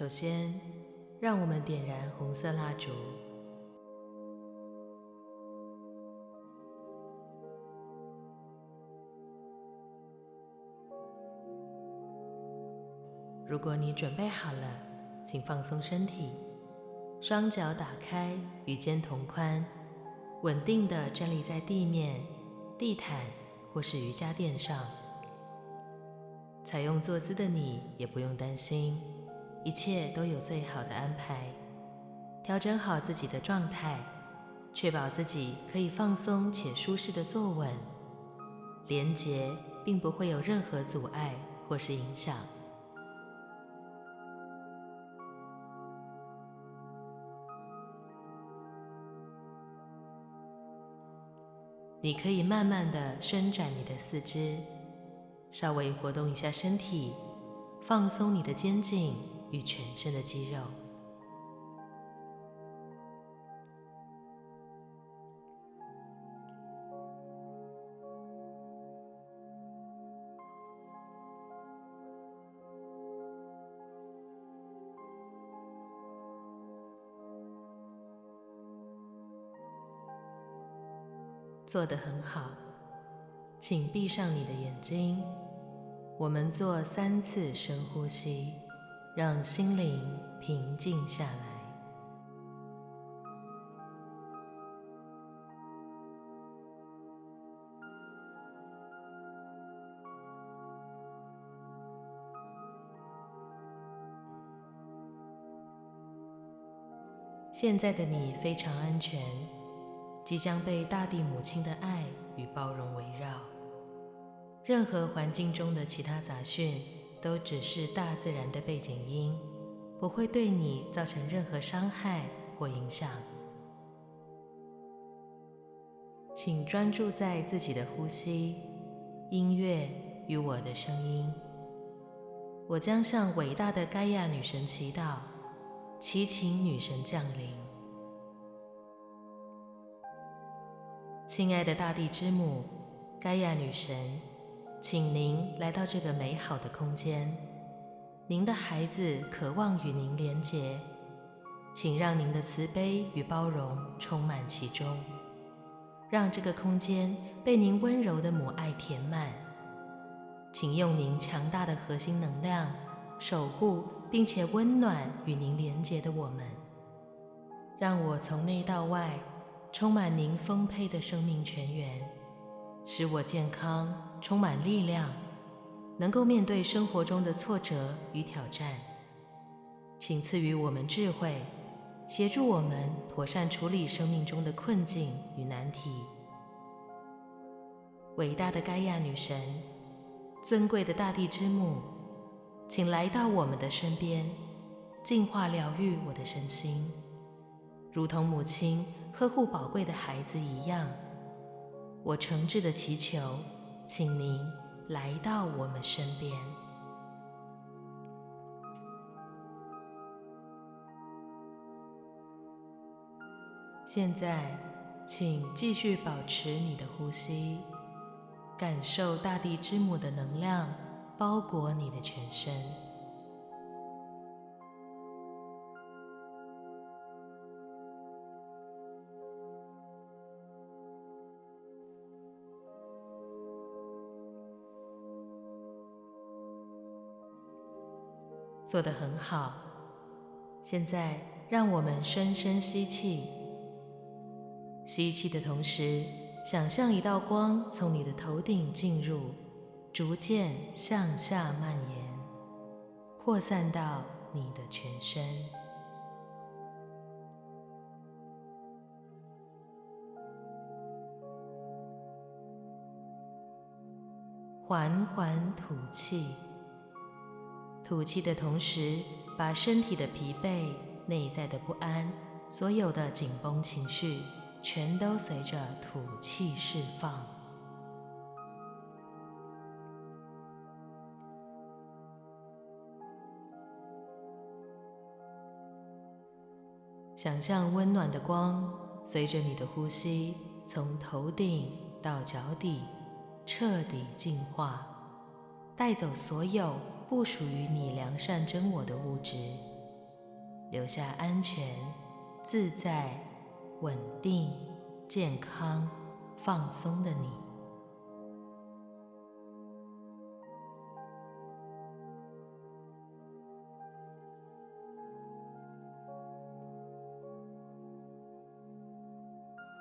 首先，讓我們點燃紅色蠟燭。如果你準備好了，請放鬆身體，雙腳打開與肩同寬，穩定地站立在地面、地毯或是瑜伽墊上。採用坐姿的你也不用擔心。一切都有最好的安排。調整好自己的狀態，確保自己可以放鬆且舒適地坐穩。連結並不會有任何阻礙或是影響。你可以慢慢地伸展你的四肢，稍微活動一下身體，放鬆你的肩頸。與全身的肌肉做得很好，請閉上你的眼睛。我們做三次深呼吸。讓心靈平靜下來。現在的你非常安全，即將被大地母親的愛與包容圍繞，任何環境中的其他雜訊。都只是大自然的背景音，不會對你造成任何傷害或影響。請專注在自己的呼吸、音樂與我的聲音。我將向偉大的蓋亞女神祈禱，祈請女神降臨。親愛的大地之母，蓋亞女神。請您來到這個美好的空間，您的孩子渴望與您連結，請讓您的慈悲與包容充滿其中，讓這個空間被您溫柔的母愛填滿。請用您強大的核心能量守護並且溫暖與您連結的我們，讓我從內到外充滿您豐沛的生命泉源，使我健康，充滿力量，能夠面對生活中的挫折與挑戰。請賜予我們智慧，協助我們妥善處理生命中的困境與難題。偉大的蓋亞女神，尊貴的大地之母，請來到我們的身邊，淨化、療癒我的身心，如同母親呵護寶貴的孩子一樣。我誠摯的祈求，請您來到我們身邊。現在，請繼續保持你的呼吸，感受大地之母的能量包裹你的全身。做得很好。現在，讓我們深深吸氣。吸氣的同時，想象一道光從你的頭頂進入，逐漸向下蔓延，擴散到你的全身。緩緩吐氣。吐氣的同時，把身體的疲憊、內在的不安、所有的緊繃情緒，全都隨着吐氣釋放。想象溫暖的光隨着你的呼吸，從頭頂到腳底，徹底淨化，帶走所有，不屬於你良善真我的物質，留下安全、自在、穩定、健康、放鬆的你。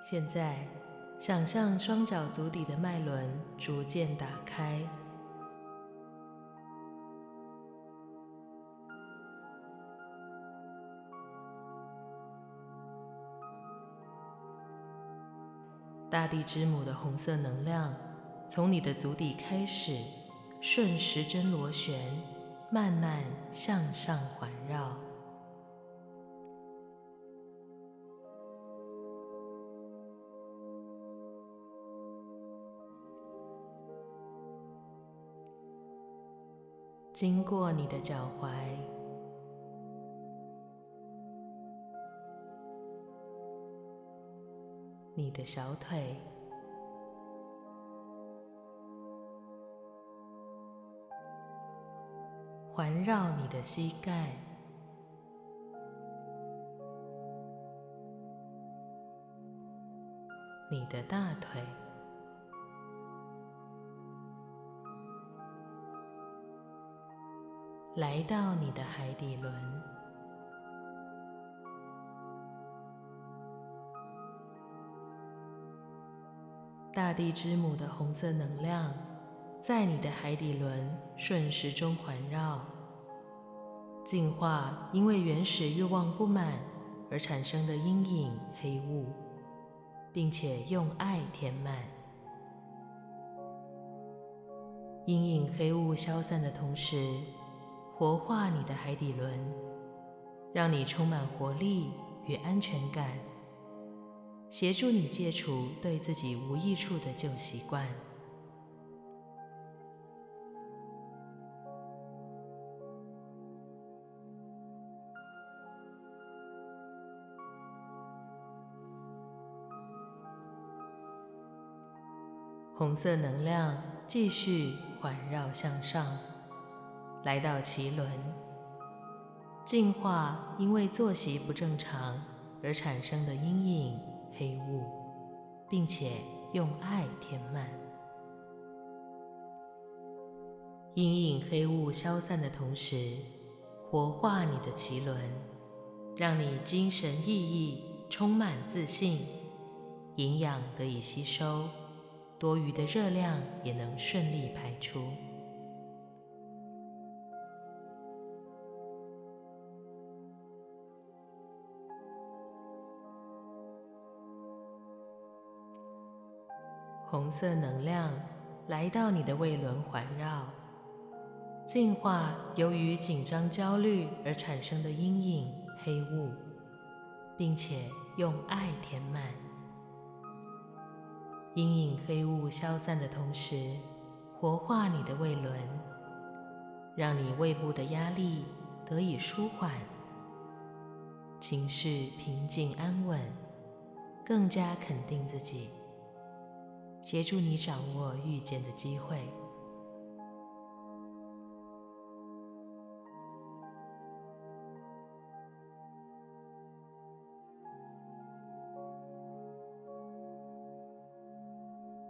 現在，想象雙腳足底的脈輪逐漸打開。大地之母的紅色能量，從你的足底開始，順時針螺旋，慢慢向上環繞，經過你的腳踝。你的小腿環繞你的膝蓋，你的大腿來到你的海底輪。大地之母的紅色能量，在你的海底輪順時鐘環繞，淨化因為原始慾望不滿而產生的陰影黑霧，並且用愛填滿。陰影黑霧消散的同時，活化你的海底輪，讓你充滿活力與安全感。協助你戒除對自己無益處的舊習慣。紅色能量繼續環繞向上，來到臍輪，淨化因為作息不正常而產生的陰影。黑霧，並且用愛填滿。陰影黑霧消散的同時，活化你的臍輪，讓你精神奕奕，充滿自信，營養得以吸收，多餘的熱量也能順利排出。紅色能量來到你的胃輪環繞，淨化由於緊張、焦慮而產生的陰影黑霧，並且用愛填滿。陰影黑霧消散的同時，活化你的胃輪，讓你胃部的壓力得以舒緩，情緒平靜安穩，更加肯定自己。協助你掌握遇見的機會。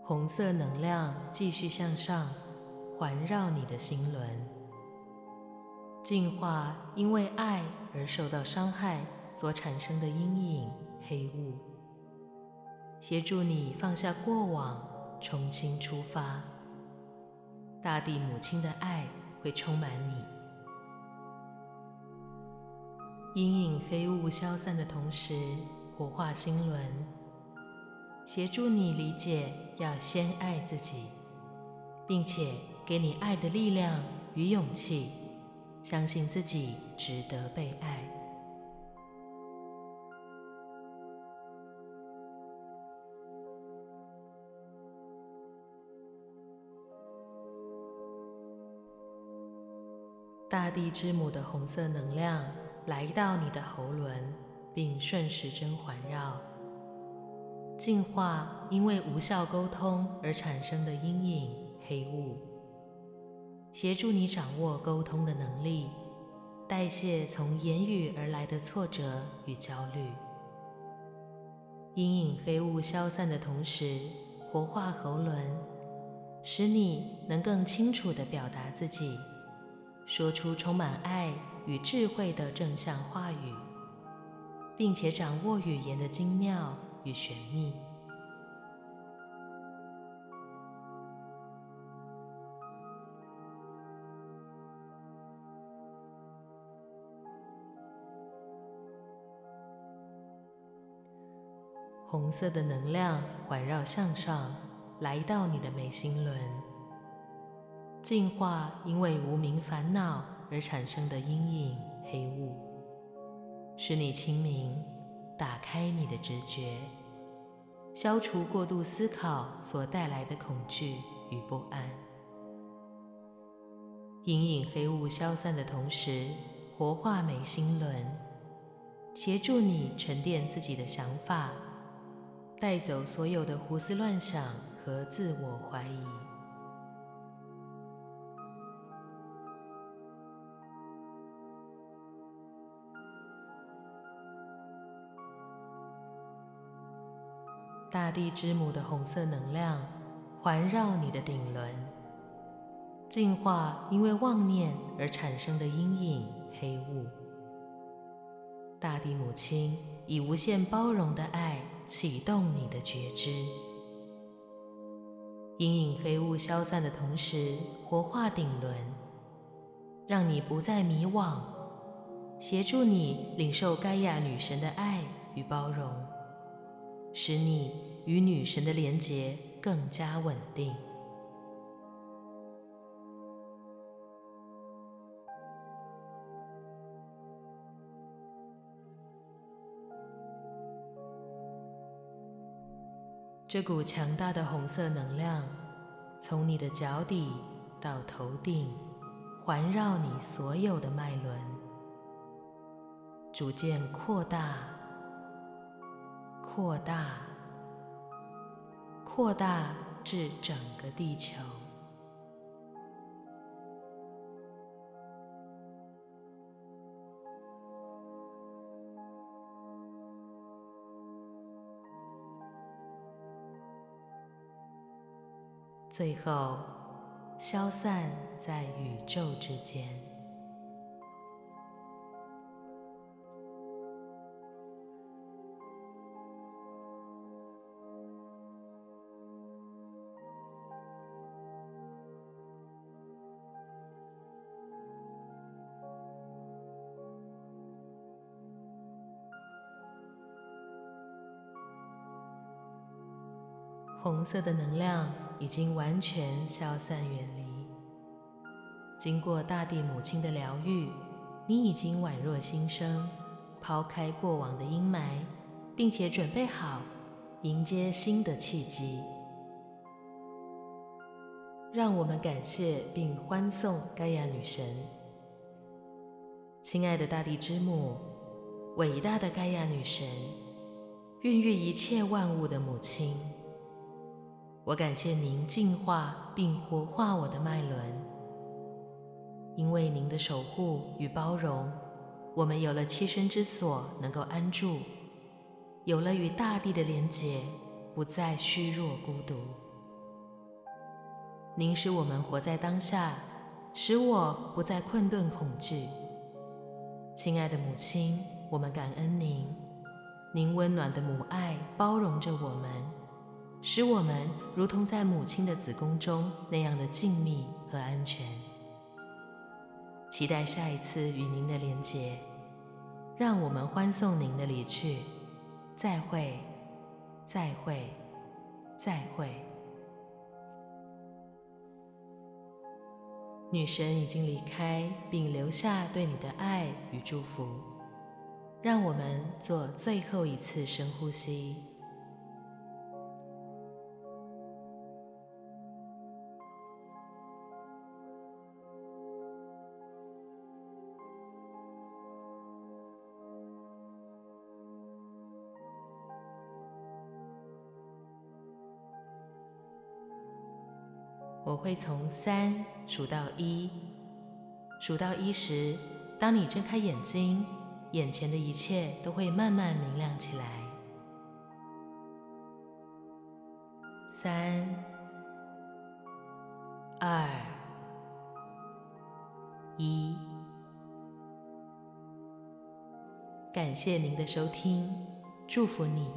紅色能量繼續向上，環繞你的心輪，淨化因為愛而受到傷害所產生的陰影、黑霧。協助你放下過往，重新出發。大地母親的愛會充滿你。陰影、黑霧消散的同時，活化心輪，協助你理解要先愛自己，並且給你愛的力量與勇氣，相信自己值得被愛。大地之母的紅色能量來到你的喉輪，並順時針環繞，淨化因為無效溝通而產生的陰影黑霧，協助你掌握溝通的能力，代謝從言語而來的挫折與焦慮。陰影黑霧消散的同時，活化喉輪，使你能更清楚地表達自己。說出充滿愛與智慧的正向話語，並且掌握語言的精妙與玄秘。紅色的能量環繞向上，來到你的眉心輪。淨化因為無明煩惱而產生的陰影黑霧，使你清明，打開你的直覺，消除過度思考所帶來的恐懼與不安。陰影黑霧消散的同時，活化眉心輪，協助你沉澱自己的想法，帶走所有的胡思亂想和自我懷疑。大地之母的紅色能量環繞你的頂輪，淨化因為妄念而產生的陰影黑霧。大地母親以無限包容的愛啟動你的覺知，陰影黑霧消散的同時，活化頂輪，讓你不再迷惘，協助你領受蓋亞女神的愛與包容。使你與女神的連結更加穩定。這股強大的紅色能量從你的腳底到頭頂，環繞你所有的脈輪，逐漸擴大。擴大，擴大至整個地球，最後消散在宇宙之間。紅色的能量已經完全消散遠離。經過大地母親的療癒，你已經宛若新生，拋開過往的陰霾，並且準備好迎接新的契機。讓我們感謝並歡送蓋亞女神。親愛的大地之母，偉大的蓋亞女神，孕育一切萬物的母親。我感謝您淨化並活化我的脈輪，因為您的守護與包容，我們有了棲身之所，能夠安住；有了與大地的連結，不再虛弱孤獨。您使我們活在當下，使我不再困頓恐懼。親愛的母親，我們感恩您，您溫暖的母愛包容着我們。使我們如同在母親的子宮中那樣的靜謐和安全。期待下一次與您的連結，讓我們歡送您的離去。再會，再會，再會。女神已經離開，並留下對你的愛與祝福。讓我們做最後一次深呼吸。我會從三數到一，數到一時，當你睜開眼睛，眼前的一切都會慢慢明亮起來。三、二、一，感謝您的收聽，祝福你。